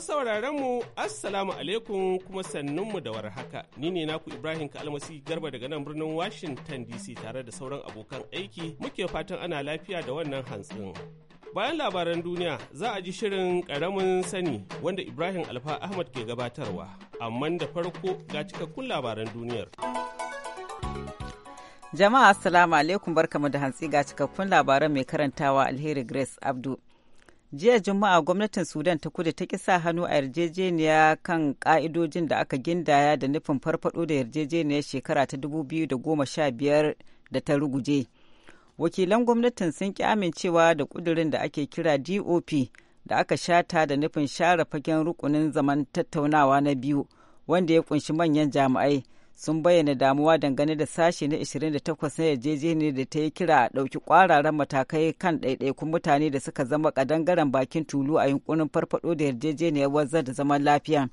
Masu sauraron mu Assalamu alaikum kuma sannunmu da warhaka. Ni ne naku Ibrahim Kalmasi Garba daga nan birnin Washington DC tare da sauran abokan aiki muke fatan ana lafiya da wannan hantsin. Bayan labaran duniya za a ji shirin karamin sani wanda Ibrahim Alfa Ahmad ke gabatarwa, amma da farko ga cikakkun labaran duniyar. Jama'a Assalamu alaikum barkamu da hantsi ga cikakkun labaran mai karantawa Alheri Grace Abdu. jiya juma'a gwamnatin sudan ta kudu ta kisa hannu a yarjejeniya kan ka'idojin da aka gindaya da nufin farfado da yarjejeniyar shekara ta 2015 da ta ruguje wakilan gwamnatin sun ki amincewa da kudurin da ake kira dop da aka shata da nufin share fagen rukunin zaman tattaunawa na biyu wanda ya kunshi manyan jami'ai sun bayyana damuwa dangane da sashe na 28 na yarjejeniyar da ta yi kira a ɗauki ƙwararren matakai kan ɗaiɗaikun mutane da suka zama ƙadangaren bakin tulu a yunkurin farfaɗo da yarjejeniyar wanzar da zaman lafiya.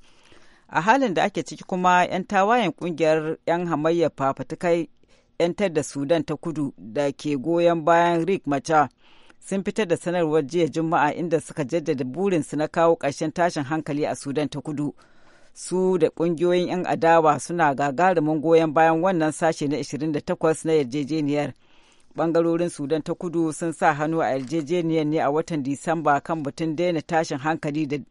A halin da ake ciki kuma 'yan tawayen ƙungiyar 'yan hamayya fafatukai 'yantar da Sudan ta kudu da ke goyon bayan Rick mata sun fitar da sanarwar jiya Juma'a inda suka jaddada burinsu na kawo ƙarshen tashin hankali a Sudan ta kudu. su da kungiyoyin 'yan adawa suna gagarumin goyon bayan wannan sashe na 28 na yarjejeniyar bangarorin sudan ta kudu sun sa hannu a yarjejeniyar ne a watan disamba kan batun daina tashin hankali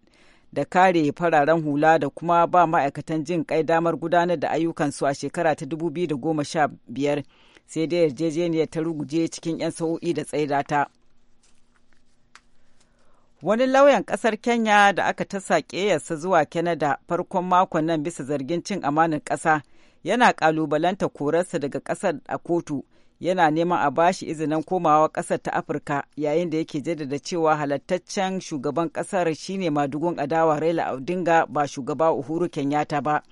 da kare fararen hula da kuma ba ma'aikatan jin kai damar gudanar da ayyukansu a shekara ta 2015 sai dai yarjejeniyar ta ruguje cikin 'yan sa'o'i da tsaidata Wani lauyan ƙasar Kenya da aka ta yasa zuwa Canada farkon makon nan bisa zargin cin amanin ƙasa yana ƙalubalanta korarsa daga ƙasar a kotu. yana neman a bashi izinin komawa ƙasar ta afirka yayin da yake jaddada cewa halattaccen shugaban ƙasar shine madugun adawa raila odinga ba shugaba uhuru kenyatta ba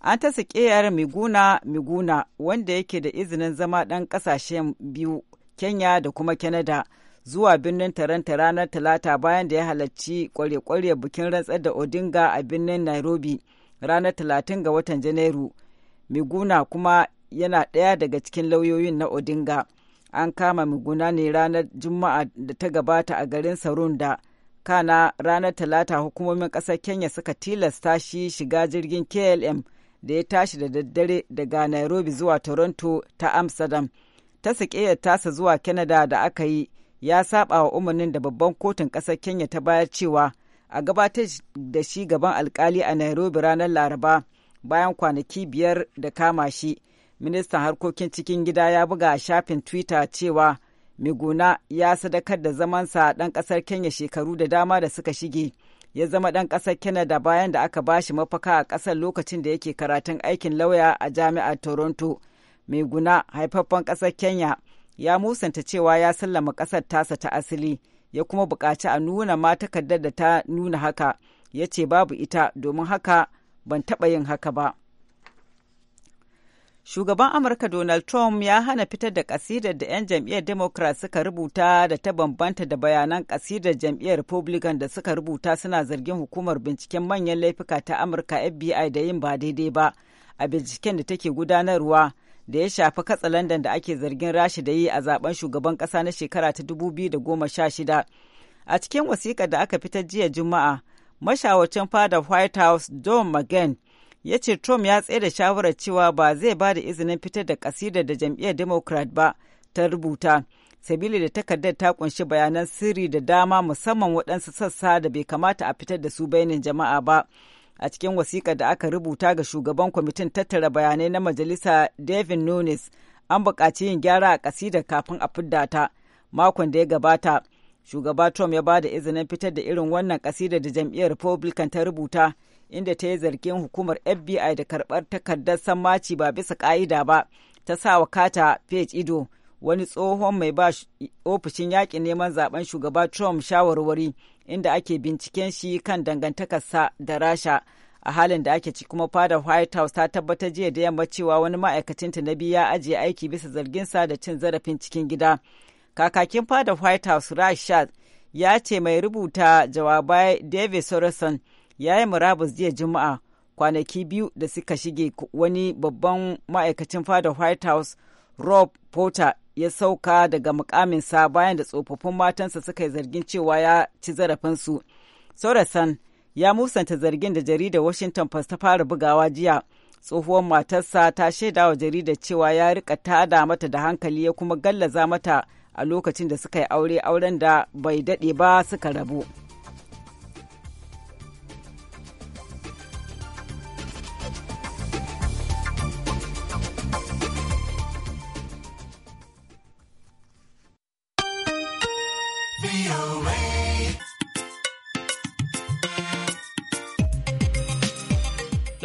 an ta sikiyar miguna miguna wanda yake da izinin zama ɗan ƙasashen biyu kenya da kuma canada zuwa birnin Taranta ranar Talata bayan da ya halarci kware-kware bikin rantsar da Odinga a birnin Nairobi ranar Talatin ga watan Janairu. Miguna kuma yana ɗaya daga cikin lauyoyin na Odinga. An kama Miguna ne ranar Juma'a da ta gabata a garin Sarunda. Kana ranar Talata hukumomin ƙasar Kenya suka tilasta shi shiga jirgin KLM da ya tashi da daddare daga Nairobi zuwa Toronto ta Amsterdam. Ta tasa zuwa Canada da aka yi ya saba wa umarnin da babban kotun ƙasar kenya ta bayar cewa a gabatar da shi gaban alkali a nairobi ranar laraba bayan kwanaki biyar da kama shi ministan harkokin cikin gida ya buga a shafin twitter cewa miguna ya sadakar da zamansa ɗan ƙasar kenya shekaru da dama da suka shige ya zama ɗan ƙasar canada bayan da aka bashi mafaka a ƙasar lokacin da yake karatun aikin lauya a jami'ar toronto mai guna haifaffen ƙasar kenya ya musanta cewa ya sallama ƙasar tasa ta asali ya kuma bukaci a nuna ma takardar da ta nuna haka ya ce babu ita domin haka ban taɓa yin haka ba. Shugaban Amurka Donald Trump ya hana fitar da kasidar da 'yan jam'iyyar Democrat suka rubuta da ta bambanta da bayanan kasidar jam'iyyar Republican da suka rubuta suna zargin hukumar binciken manyan laifuka ta Amurka FBI da yin ba daidai ba a binciken da take gudanarwa da ya shafi Landan da ake zargin rashi da yi a zaben shugaban kasa na shekara ta 2016 a cikin wasiƙa da aka fitar jiya juma'a mashawacin fada white house john mcgain ya ce trump ya tsaye da shawarar cewa ba zai ba da izinin fitar da kasida da jam'iyyar democrat ba ta rubuta sabili da takardar ta kunshi bayanan sirri da dama musamman waɗansu sassa da bai kamata a fitar da su bainin jama'a ba. a cikin wasiƙa da aka rubuta ga shugaban kwamitin tattara bayanai na majalisa David Nunes an buƙaci yin gyara a ƙasida kafin a fidda ta makon da ya gabata. Shugaba Trump ya ba da izinin fitar da irin wannan ƙasida da jam'iyyar Republican ta rubuta inda ta yi zargin hukumar FBI da karɓar takardar sammaci ba bisa ƙa'ida ba ta sa wa Kata Page ido wani tsohon mai ba ofishin yaƙin neman zaben shugaba Trump shawarwari inda ake binciken shi kan dangantakarsa da rasha a halin da ake ci kuma fadar white house ta tabbatar jiya da yamma cewa wani ma'aikacin ta na biyu ya ajiye aiki bisa zarginsa da cin zarafin cikin gida kakakin fadar white house rasha ya ce mai rubuta jawabai david sorenson ya yi murabus jiya juma'a kwanaki biyu da suka shige wani babban ma'aikacin fadar white house rob porter ya sauka daga mukaminsa bayan da tsofaffin matansa suka yi zargin cewa ya ci zarafinsu. Sorasan ya musanta zargin da jaridar Washington Post ta fara bugawa jiya. Tsohuwar matarsa ta shaida wa jaridar cewa ya rika tada mata da hankali ya kuma gallaza mata a lokacin da suka yi aure auren da bai daɗe ba suka rabu.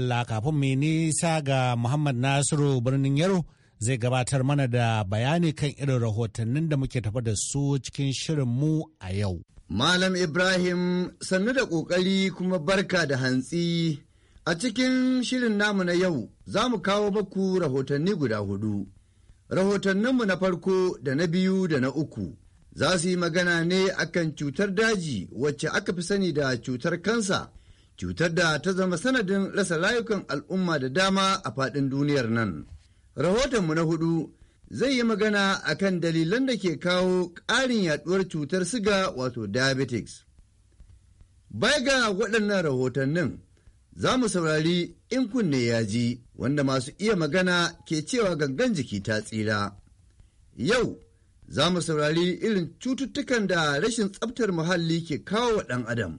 madalla kafin mai nisa ga Muhammad Nasiru birnin Yaro zai gabatar mana da bayani kan irin rahotannin da muke tafa da su cikin shirin mu a yau. Malam Ibrahim sannu da ƙoƙari kuma barka da hantsi a cikin shirin namu na yau za mu kawo baku rahotanni guda hudu. Rahotanninmu na farko da na biyu da na uku za su yi magana ne akan cutar daji wacce aka fi sani da cutar kansa. cutar da ta zama sanadin rasa layukan al'umma da dama a faɗin duniyar nan. Rahotonmu na hudu zai yi magana a kan dalilan da ke kawo ƙarin yaɗuwar cutar siga wato diabetics. Bai ga waɗannan rahotannin za mu saurari in kunne ya ji wanda masu iya magana ke cewa gangan jiki ta tsira. Yau za mu saurari irin cututtukan da rashin tsabtar muhalli ke kawo wa ɗan adam.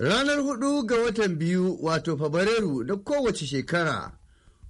Ranar hudu ga watan biyu wato Fabrairu na kowace shekara,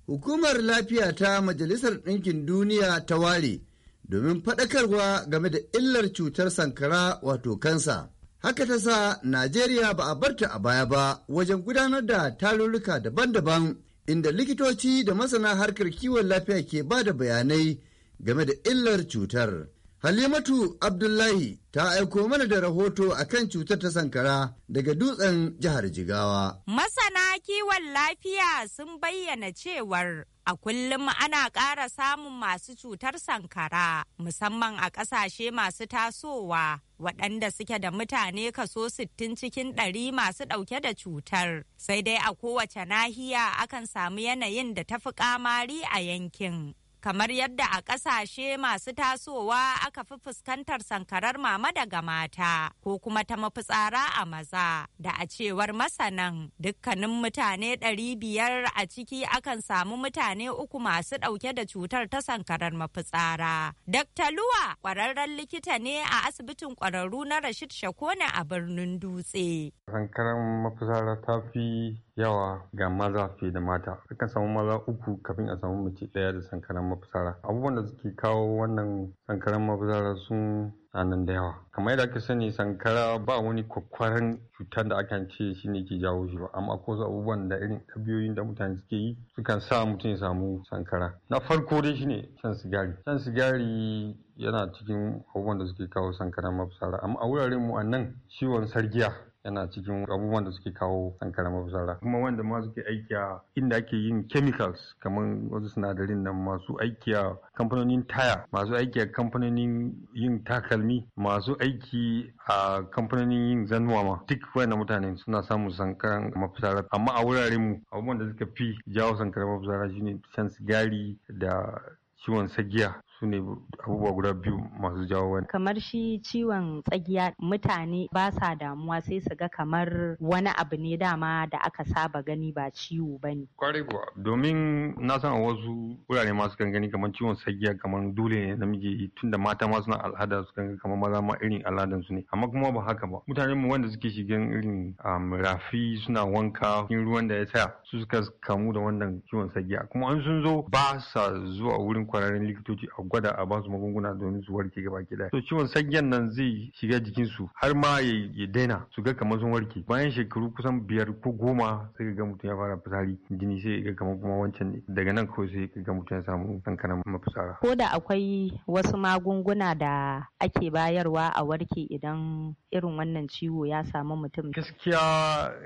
Hukumar Lafiya ta Majalisar Ɗinkin Duniya ta ware domin faɗakarwa game da illar cutar sankara wato kansa. Haka ta sa Najeriya ba a barta a baya ba wajen gudanar da tarurruka daban-daban inda likitoci da masana harkar kiwon lafiya ke ba da bayanai game da illar cutar. Halimatu Abdullahi ta aiko mana da rahoto a kan cutar ta sankara daga dutsen jihar Jigawa. Masana kiwon lafiya sun bayyana cewar a kullum ana ƙara samun masu cutar sankara musamman a ƙasashe masu tasowa waɗanda suke da mutane kaso 60 cikin ɗari masu ɗauke da cutar sai dai a kowace nahiya akan samu yanayin da tafi kamari a yankin. kamar yadda a ƙasashe masu tasowa aka fi fuskantar sankarar mama daga mata ko kuma ta mafitsara a maza da a cewar masanan dukkanin mutane ɗari biyar a ciki akan samu mutane uku masu ɗauke da cutar ta sankarar mafitsara. Dr. Luwa ƙwararren likita ne a asibitin ƙwararru na Rashid Shakone a birnin Dutse. Sankarar mafitsara ta fi yawa ga maza fiye da mata akan samu maza uku kafin a samu mace daya da sankaran mafisara, abubuwan da suke kawo wannan sankaran mafisara sun a nan da yawa kamar yadda aka sani sankara ba wani kwakwaran cutar da aka ce shi ne ke jawo shi ba amma akwai abubuwan da irin ɗabiyoyin da mutane suke yi sukan sa mutum ya samu sankara na farko dai shine shan sigari shan sigari yana cikin abubuwan da suke kawo sankaran mafisara, amma a wuraren mu a nan ciwon sargiya yana cikin abubuwan da suke kawo kankara mafitsara kuma wanda ma suke aiki a inda ake yin chemicals kamar wasu sinadarin nan masu aiki a kamfanonin taya masu aiki a kamfanonin yin takalmi masu aiki a kamfanonin yin zanuwa ma duk na mutane suna samun sankaran mafitsara amma a wuraren mu abubuwan da suka fi jawo sankaran mafitsara shine shan sigari da ciwon sagiya su ne abubuwa guda biyu masu jawo wani. Kamar shi ciwon tsagiya mutane ba sa damuwa sai su ga kamar wani abu ne dama da aka saba gani ba ciwo ba ne. Kwarai kuwa domin na san a wasu wurare masu kan gani kamar ciwon tsagiya kamar dole ne namiji tun da mata masu na al'ada su kan kamar maza ma irin al'adan su ne amma kuma ba haka ba. Mutanen mu wanda suke shiga irin rafi suna wanka kin ruwan da ya tsaya su suka kamu da wannan ciwon tsagiya kuma an sun zo ba sa zuwa wurin kwararren likitoci a gwada a basu magunguna domin su warke gaba ki daya to ciwon sanyan nan zai shiga jikin su har ma ya daina su ga kamar sun warke bayan shekaru kusan biyar ko goma sai ga mutum ya fara fitsari jini sai ga kamar kuma wancan ne daga nan kawai sai ga mutum ya samu kankanan mafitsara ko da akwai wasu magunguna da ake bayarwa a warke idan irin wannan ciwo ya samu mutum gaskiya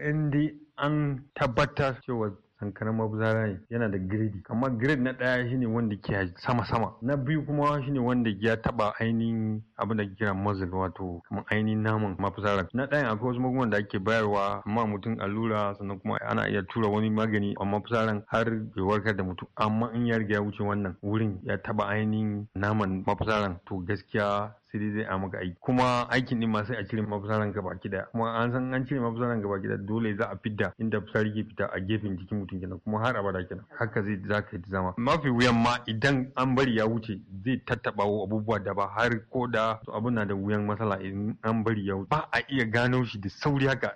in an tabbatar cewa An karamar ne yana da grade kamar grade na daya shine wanda ke sama sama na biyu kuma shine wanda ya taba ainihin abin da kira muzzle wato kamar ainihin naman mafitsara na ɗayan akwai wasu magungunan da ake bayarwa amma mutum allura sannan kuma ana iya tura wani magani a mafitsaran har ya warkar da mutum amma in ya riga ya wuce wannan wurin ya taba ainihin naman mafitsaran to gaskiya sai dai zai a maka aiki kuma aikin din ma sai a cire mafitsaran gaba daya kuma an san an cire mafitsaran gaba kida dole za a fidda inda fitsari ke fita a gefen jikin mutum kenan kuma har abada kenan haka zai za ka yi zama mafi wuyan ma idan an bari ya wuce zai tattaba abubuwa da ba har ko da abun na da wuyan matsala in an bari ya wuce ba a iya gano shi da sauri haka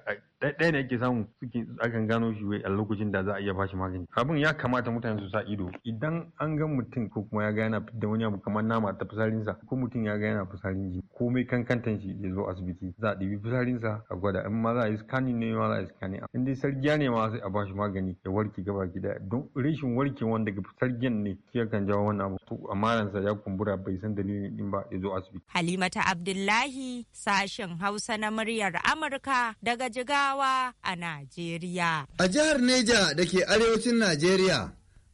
ɗaya ne yake samu suke akan gano shi a lokacin da za a iya bashi magani abin ya kamata mutane su sa ido idan an ga mutum ko kuma ya ga yana da wani abu kamar nama ta sa ko mutum ya ga yana fisarin ko mai kankantan shi ya zo asibiti za a ɗibi sa a gwada in ma za a yi scanning ne ma za a yi scanning in dai sargiya ne ma sai a bashi magani ya warke gaba gida don rashin warkewan daga sargiyan ne ke kan jawo wani abu to sa ya kumbura bai san dalilin din ba ya zo asibiti halimata abdullahi sashen hausa na muryar amurka daga jigawa Adamawa a Najeriya. A jihar Neja da ke arewacin Najeriya,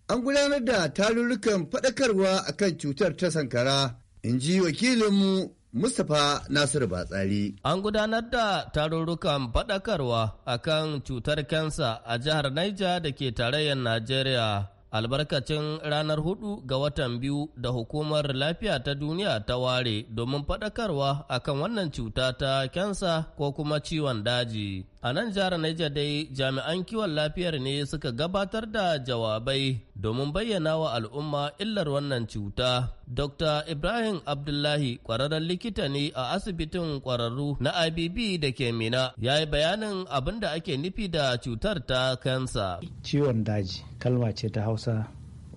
an gudanar da tarurrukan faɗakarwa akan cutar ta sankara, in ji wakilinmu Mustapha Nasiru Batsari. An gudanar da tarurrukan faɗakarwa akan cutar kansa a jihar Naija da ke tarayyar Najeriya. Albarkacin ranar hudu ga watan biyu da hukumar lafiya ta duniya ta ware domin faɗakarwa akan wannan cuta ta kansa ko kuma ciwon daji. A nan jihar Niger dai jami'an kiwon lafiyar ne suka gabatar da jawabai domin bayyana wa al'umma illar wannan cuta. Dr. Ibrahim Abdullahi kwararren likita ne a asibitin kwararru na IBB da ke Mina ya yi bayanin abin da ake nufi da cutar ta kansa. Ciwon daji kalma ce ta Hausa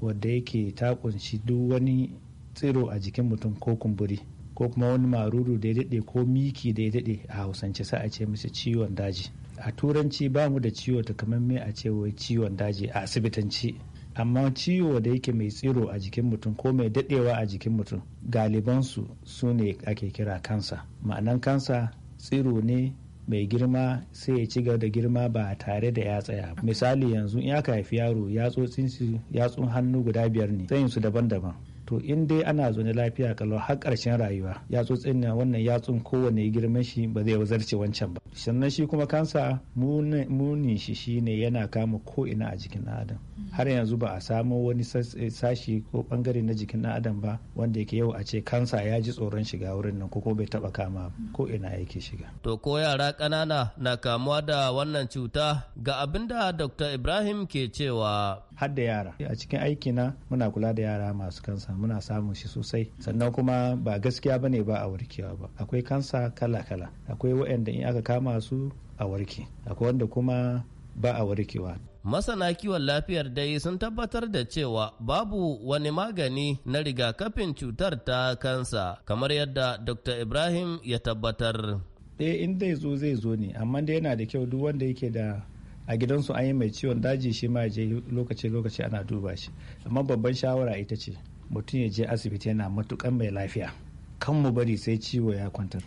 wadda yake ta kunshi duk wani tsiro a jikin mutum ko kumburi. ko kuma wani maruru da ya daɗe ko miki da ya daɗe a hausance sai a ce musu ciwon daji a turanci ba mu da ciwo takamaimai a ce wai ciwon daji a asibitanci amma ciwo da yake mai tsiro a jikin mutum ko mai daɗewa a jikin mutum galibansu su ne ake kira kansa ma'anan kansa tsiro ne mai girma sai ya ci gaba da girma ba tare da ya tsaya misali yanzu in aka haifi yaro yatsotsin yatsun hannu guda biyar ne tsayinsu daban-daban to in dai ana zaune lafiya kalau har karshen rayuwa ya tsotsin na wannan yatsun kowane girman shi ba zai zarce wancan ba sannan shi kuma kansa muni shi shi ne yana kama ko ina a jikin adam har yanzu ba a samo wani eh, sashi ko bangare na jikin ɗan adam ba wanda yake yau a ce kansa ya ji tsoron shiga wurin nan ko kuma bai taba kama ko ina yake shiga to ko yara ƙanana na kamuwa da wannan cuta ga abinda dr ibrahim ke cewa Hadda yara a cikin aikina muna kula da yara masu kansa muna samun shi sosai sannan kuma ba gaskiya bane ba a warkewa ba akwai kansa kala-kala akwai waanda in aka kama su a warke akwai wanda kuma ba a warkewa masana kiwon lafiyar dai sun tabbatar da cewa babu wani magani na rigakafin cutar ta kansa kamar yadda dr ibrahim ya tabbatar ɗaya eh, in zai zo zai zo ne amma dai yana da kyau duk wanda yake da a gidansu an yi mai ciwon daji shi ma je lokaci-lokaci ana duba shi amma babban shawara ita ce mutum ya je asibiti yana matukan mai lafiya kan mu bari sai ciwo ya kwantar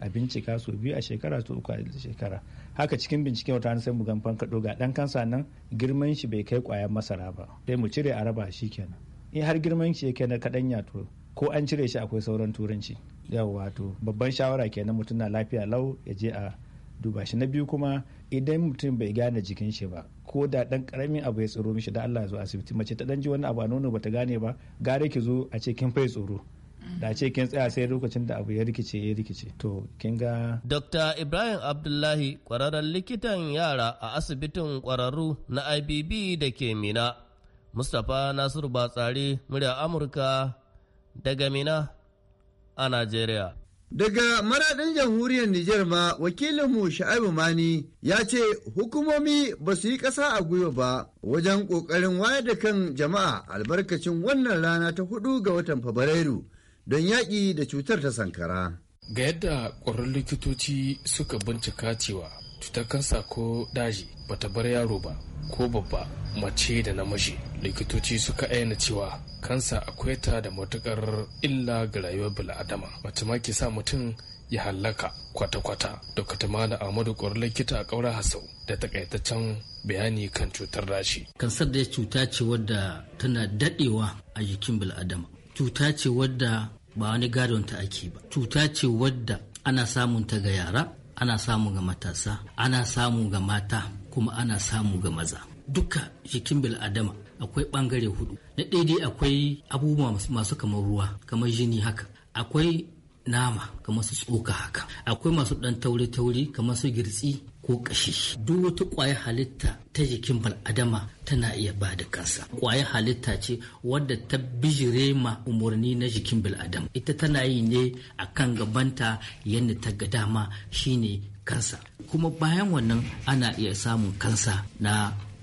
a bincika sau biyu a shekara su uku a shekara haka cikin binciken wata sai mu gan fankaɗo ga ɗan kansa nan girman shi bai kai kwayan masara ba sai mu cire a raba shi kenan in har girman shi yake na kaɗan yato ko an cire shi akwai sauran turanci yawa wato babban shawara kenan mutum na lafiya lau ya je a duba shi na biyu kuma idan mutum bai gane jikin shi ba ko da dan karamin abu ya tsoro mishi da Allah ya zo asibiti mace ta dan ji wani abu a nono bata gane ba gare ki zo a ce kin fai tsoro da ce kin tsaya sai lokacin da abu ya rikice ya rikice to kin ga Dr. Ibrahim Abdullahi kwararren likitan yara a asibitin kwararru na IBB da ke Mina Mustapha Nasiru Batsari murya Amurka daga Mina a Najeriya Daga maradin jamhuriyar Nijar ma wakilinmu Sha'ibu Mani ya ce hukumomi ba su yi ƙasa a gwiwa ba wajen ƙoƙarin wayar da kan jama'a albarkacin wannan rana ta hudu ga watan Fabrairu don yaƙi da cutar ta sankara. Ga yadda ƙwararrun likitoci suka bincika cewa cutar kansa ko daji bata bar yaro ba ko babba mace da namiji likitoci suka aina cewa kansa akwai ta da matukar illa ga rayuwar bil'adama mace ma ke sa mutum ya hallaka kwata-kwata da mala amadu kwar likita a ƙaura hasau da takaitaccen bayani kan cutar rashi kansar da cuta ce wadda tana dadewa a jikin bil'adama cuta ce wadda ba wani gadonta ake ba cuta ce wadda ana samun ta ga yara ana samu ga matasa ana samu ga mata kuma ana samu ga maza duka jikin bil'adama akwai bangare hudu na daidai akwai abubuwa masu kamar ruwa kamar jini haka akwai nama kamar su tsoka haka akwai masu dan tauri-tauri kamar su girtsi ko kashi duk wata kwayar halitta ta jikin bal'adama tana iya ba da kansa kwayar halitta ce wadda ta bijire ma umarni na jikin bil'adama ita tana yi ne a kan gabanta yadda ta ga dama shine kansa kuma bayan wannan ana iya samun kansa na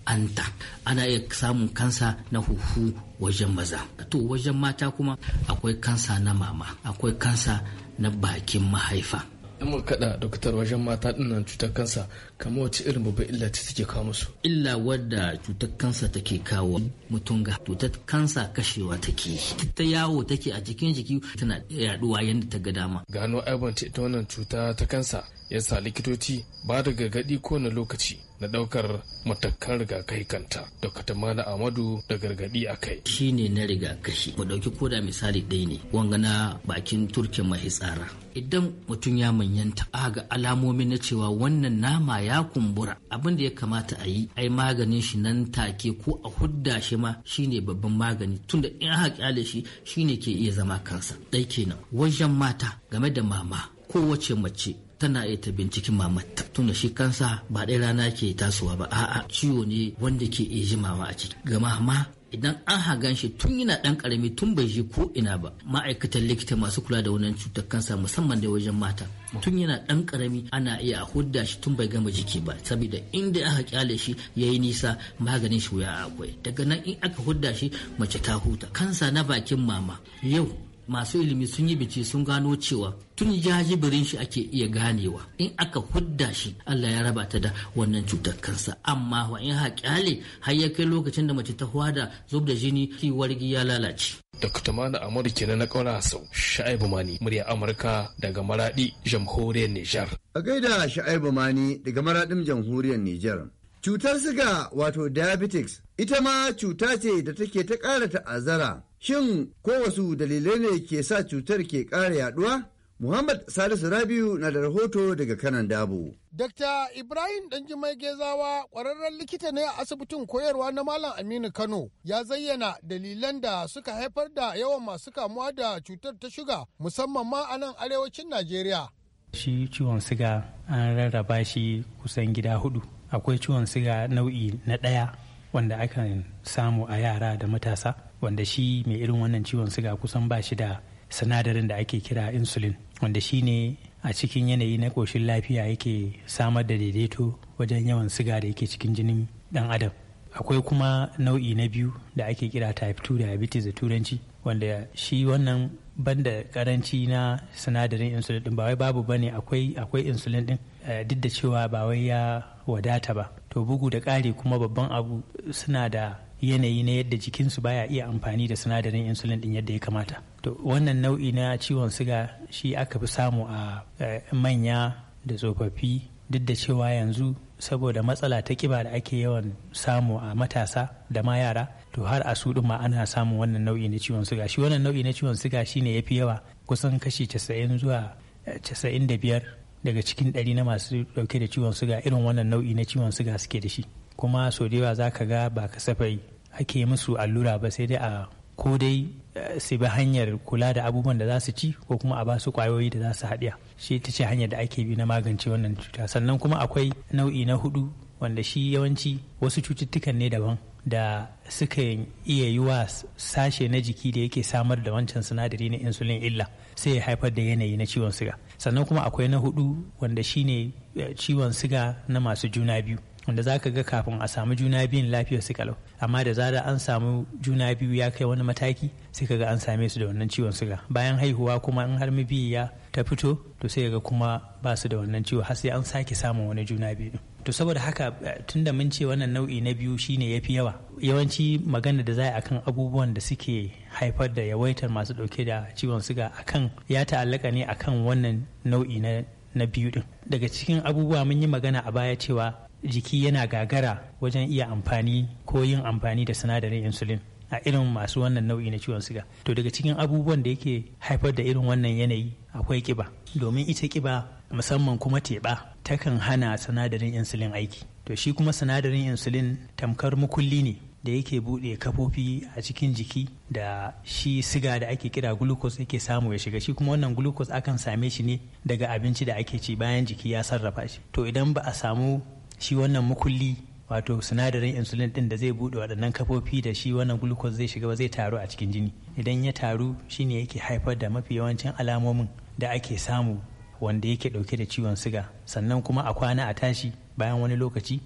anta ana iya samun kansa na huhu wajen maza to wajen mata kuma akwai kansa na mama akwai kansa na bakin mahaifa in mu kada doktor wajen mata dinnan cutar kansa kamar wace irin babban illa ta take kawo musu illa wadda cutar kansa take kawo mutum ga cutar kansa kashewa take ta yawo take a cikin jiki tana yaduwa yadda ta ga dama gano aibanta ita wannan cuta ta kansa ya sa likitoci ba da gargaɗi kowane lokaci na ɗaukar matakan rigakai kanta dr amadu da gargaɗi a kai shi ne na rigakafi mu ɗauki koda misali ɗaya ne wanga na bakin turke mahitsara idan mutum ya manyanta a ga alamomi na cewa wannan nama ya. ya kumbura abin da ya kamata a yi ai maganin shi nan take ko a hudda shi ma shine babban magani tunda in aka kyale shi shine ke iya zama kansa dai kenan wajen mata game da mama kowace mace tana iya ta binciken mamata tunda shi kansa ba ɗaya rana ke tasowa ba a'a ciwo ne wanda ke iya jimawa a ciki gama ma idan an hagan shi tun yana dan karami tun bai je ko ina ba ma'aikatan likita masu kula da wannan cutar kansa musamman da wajen mata tun yana dan karami ana iya a hudda shi tun bai gama jiki ba saboda inda aka kyale shi yayi nisa maganin shi wuya akwai daga nan in aka hudda shi mace ta huta kansa na bakin mama yau masu ilimi sun yi bice sun gano cewa tun jajibirin shi ake iya ganewa in aka hudda shi Allah ya raba ta da wannan cutar kansa amma wa in haƙyale har ya kai lokacin da mace ta hwada zub da jini ki wargi ya lalace Dr. Mana Amadu ke na ƙaura sau Sha'ibu Mani murya Amurka daga Maraɗi jamhuriyar Nijar a gaida Sha'ibu Mani daga Maraɗin jamhuriyar Nijar cutar siga wato diabetics ita ma cuta ce da take ta ƙara ta'azzara Shin ko wasu dalilai ne ke sa cutar ke ƙara yaduwa? Muhammad Salisu Rabiu na da rahoto daga kanan dabu Dr. Ibrahim Danjimai Gezawa ƙwararren likita ne a asibitin koyarwa na Malam Aminu Kano ya zayyana dalilan da suka haifar da yawan masu kamuwa da cutar ta shuga musamman ma a nan arewacin Najeriya. Shi ciwon siga an rarraba shi kusan gida hudu. Akwai ciwon siga nau'i na ɗaya wanda akan samu a yara da matasa. wanda shi mai irin wannan ciwon suga kusan ba shi da sinadarin da ake kira insulin wanda shi ne a cikin yanayi na ƙoshin lafiya yake samar da daidaito wajen yawan siga da yake cikin jinin ɗan adam akwai kuma nau'i na biyu da ake kira type 2 diabetes da turanci wanda shi wannan banda karanci na sinadarin insulin din ba wai babu bane akwai akwai insulin din eh, duk da cewa ba wai ya wadata ba to bugu da ƙari kuma babban abu suna da yanayi na yadda jikinsu baya iya amfani da sinadarin insulin din yadda ya kamata to wannan nau'i na ciwon siga shi aka fi samu a eh, manya da tsofaffi duk da cewa yanzu saboda matsala ta kiba da ake yawan samu a matasa da ma yara to har a su ma ana samun wannan nau'i na ciwon siga shi wannan nau'i na ciwon siga shine yafi yawa kusan kashi 90 zuwa eh, biyar daga cikin ɗari na masu dauke da ciwon siga irin wannan nau'i na ciwon siga suke da shi kuma sau da yawa za ka ga ba kasafai ake musu allura ba sai dai a ko dai eh, su bi hanyar kula da abubuwan da za su ci ko kuma a ba su kwayoyi da za su haɗiya shi ta ce hanyar da ake bi na magance wannan cuta sannan kuma akwai nau'i na hudu wanda shi yawanci wasu cututtukan ne daban da suka iya yi wa sashe na jiki da yake samar da wancan sinadari na insulin illa sai ya haifar da yanayi na ciwon siga sannan kuma akwai na hudu wanda shine eh, ciwon siga na masu juna biyu wanda za ka ga kafin a samu juna biyun lafiyar su kalau amma da zara an samu juna biyu ya kai wani mataki sai ka ga an same su da wannan ciwon suga bayan haihuwa kuma in har mabi ya ta fito to sai ga kuma ba su da wannan ciwo har sai an sake samun wani juna biyu to saboda haka eh, tunda mun ce wannan nau'i na biyu shine yafi yawa yawanci magana da za a akan abubuwan da suke haifar da yawaitar masu dauke da ciwon suga akan ya ta'allaka ne akan wannan nau'i na na biyu din daga cikin abubuwa mun yi magana a baya cewa jiki yana gagara wajen iya amfani ko yin amfani da sinadarin insulin a irin masu wannan nau'i na ciwon siga to daga cikin abubuwan da yake haifar da irin wannan yanayi akwai kiba domin ita kiba musamman kuma teɓa takan hana sinadarin insulin aiki to shi kuma sinadarin insulin tamkar mukulli ne da yake buɗe kafofi a cikin jiki da shi siga da ake kira glucose yake samu ya shiga shi kuma wannan glucose akan same shi ne daga abinci da ake ci bayan jiki ya sarrafa shi to idan ba a samu shi wannan mukulli wato sinadarin insulin din da zai bude waɗannan kafofi da shi wannan glucose zai shiga ba zai taru a cikin jini idan ya taru shine yake haifar da mafi yawancin alamomin da ake samu wanda yake ɗauke da ciwon siga sannan kuma a kwana a tashi bayan wani lokaci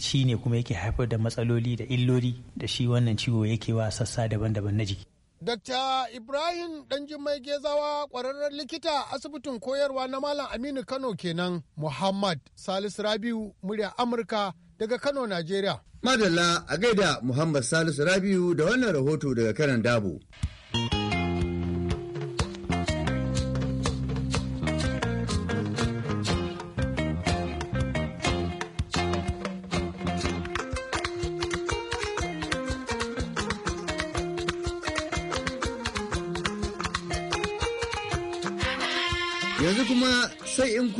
shi ne kuma yake haifar da matsaloli da illoli da shi wannan ciwo yake wa sassa daban-daban na jiki Dr. Ibrahim Danjimai Gezawa ƙwararren likita asibitin koyarwa na Malam Aminu Kano kenan Muhammad Salisu Rabiu murya Amurka daga Kano, Najeriya. Madalla a gaida Muhammad Salisu Rabiu da wannan rahoto daga kanan dabu.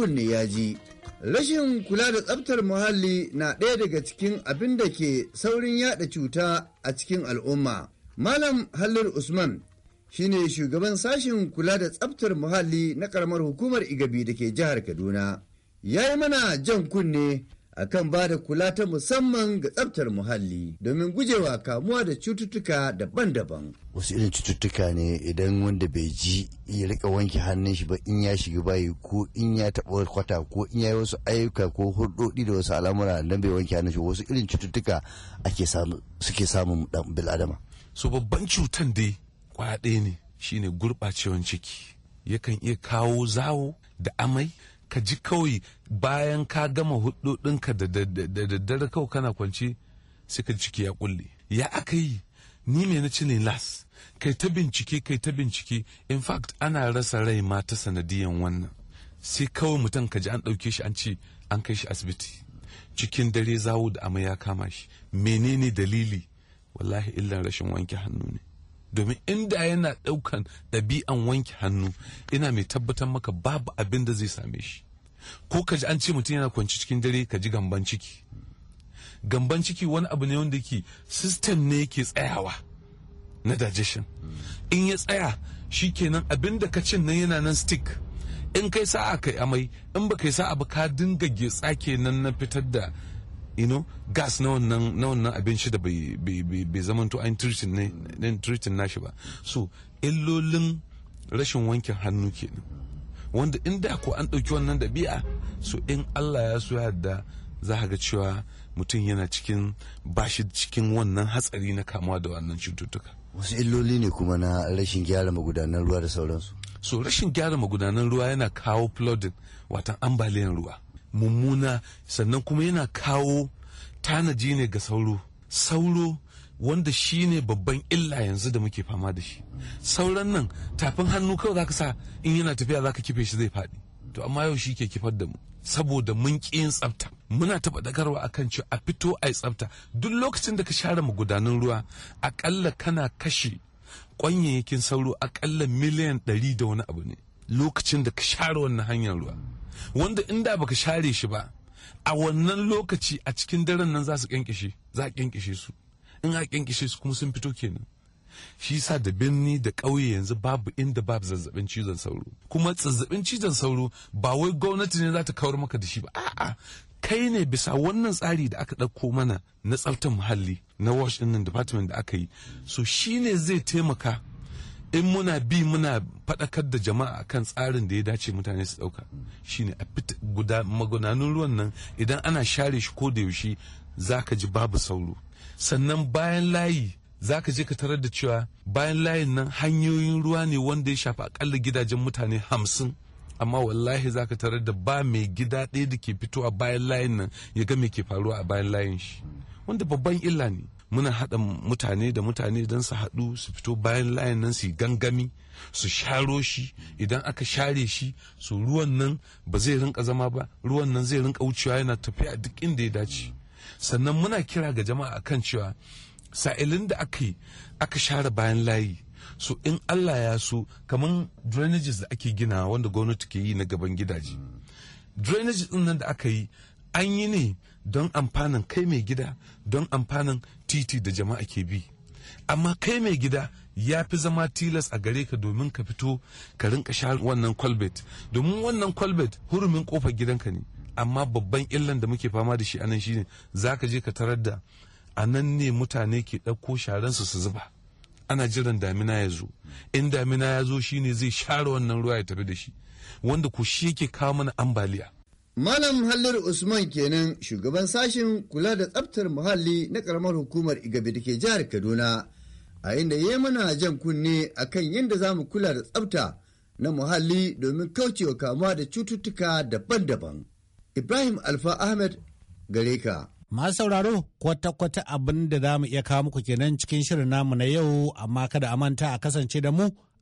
ne ya ji. Rashin kula da tsabtar muhalli na ɗaya daga cikin abin da ke saurin yaɗa cuta a cikin al'umma. Malam Hallir Usman shine shugaban sashen kula da tsabtar muhalli na ƙaramar hukumar Igabi da ke jihar Kaduna. Ya yi mana jan kunne akan ba da kula ta musamman ga tsabtar muhalli domin gujewa kamuwa da cututtuka daban-daban. Wasu irin cututtuka ne idan wanda bai ji ya rika wanke hannun shi ba in ya shiga bayi ko in ya taɓa kwata ko in ya yi wasu ayyuka ko hurɗoɗi da wasu al'amura don bai wanke hannun shi wasu irin cututtuka ake suke samun bil'adama. So babban cutan dai kwaɗe ne shine gurɓacewan ciki yakan iya kawo zawo da amai ka ji kawai bayan ka gama hudodinka da daddare kawai kana kwanci sai ka ciki ya kulle ya aka yi ni me na ci ne las kai ta bincike kai ta bincike in fact ana rasa rai ma ta sanadiyan wannan sai kawai mutum ka ji an ɗauke shi an ce an kai shi asibiti cikin dare zawo da amai ya kama shi menene dalili wallahi illan rashin wanke hannu ne domin inda yana ɗaukan ɗabi'an wanke hannu ina mai tabbatar maka babu abin da zai same shi ko ka ji an ce mutum yana kwanci cikin dare ka ji gamban ciki gamban ciki wani abu ne wanda ke system ne yake tsayawa na digestion in ya tsaya shi kenan abin da ka cin nan yana nan stick in kai sa'a kai amai in ba kai sa'a ba ka dinga getsa kenan na fitar da you gas na wannan na wannan abinci da bai bai zamanto an treating ne din nashi ba so illolin rashin wankin hannu kenan wanda inda ko an ɗauki wannan dabi'a so in Allah ya so yadda za ga cewa mutum yana cikin bashi cikin wannan hatsari na kamuwa da wannan cututtuka wasu illoli ne kuma na rashin gyara magudanan ruwa da sauransu so rashin gyara magudanan ruwa yana kawo flooding watan ambaliyan ruwa mummuna sannan kuma yana kawo tanaji ne ga sauro sauro wanda shi ne babban illa yanzu da muke fama da shi sauran nan tafin hannu kawai zaka sa in yana tafiya zaka kife shi zai faɗi to amma yau shi ke kifar da mu saboda mun ƙi yin tsafta muna taba faɗakarwa akan cewa a fito a yi tsafta duk lokacin da ka share magudanan ruwa akalla kana kashe kwanyayyakin sauro akalla miliyan ɗari da wani abu ne lokacin da ka share wannan hanyar ruwa wanda inda baka share shi ba a wannan lokaci a cikin daren nan za su kyankishe za a kyankishe su in a kyankishe su kuma sun fito kenan shi sa da birni da ƙauye yanzu babu inda babu zazzabin cizon sauro kuma zazzabin cizon sauro ba wai gwamnati ne za ta kawar maka da shi ba a'a kai ne bisa wannan tsari da aka ɗauko mana na tsaftar muhalli na wash ɗin department da aka yi so shi ne zai taimaka in muna bi muna faɗakar da jama'a kan tsarin da ya dace mutane su ɗauka shine a guda magudanan ruwan nan idan ana share shi ko da yaushe za ka ji babu sauro sannan bayan layi za ka je ka tarar da cewa bayan layin nan hanyoyin ruwa ne wanda ya shafi akalla gidajen mutane hamsin amma wallahi za ka tarar da ba mai gida ɗaya da ke fitowa bayan layin nan ya ga me ke faruwa a bayan layin shi wanda babban illa ne muna haɗa mutane da mutane don su haɗu su fito bayan layin nan su gangami su sharo shi idan aka share shi su ruwan nan ba zai rinka zama ba ruwan nan zai rinka wucewa yana tafiya duk inda ya dace sannan muna kira ga jama'a akan cewa sa'ilin da aka share bayan layi so in allah ya so kamar drainages da ake gina wanda gwamnati ke yi na gaban gidaje drainage din nan da aka yi an yi ne don amfanin kai mai gida don amfanin titi da jama'a ke bi amma kai mai gida ya fi zama tilas a gare ka domin ka fito ka rinka sha wannan kwalbet domin wannan kwalbet hurumin kofar gidanka ne amma babban illan da muke fama da shi anan shine za ka je ka tarar da a nan ne mutane ke ɗauko sharansu su zuba ana jiran damina ya zo in damina ya zo shine zai share wannan ruwa ya tafi da shi wanda ku shi yake kawo mana ambaliya Malam hallar Usman kenan shugaban sashen kula da tsabtar muhalli na karamar hukumar Igabe da ke jihar Kaduna a inda ya mana jan kunne a kan yadda za mu kula da tsabta na muhalli domin kaucewa kamuwa da cututtuka daban-daban. Ibrahim Alfa Ahmed gare ka. Masu sauraro kwata-kwata abin da za mu iya kawo muku kenan cikin shirin namu na yau amma kada a manta a kasance da mu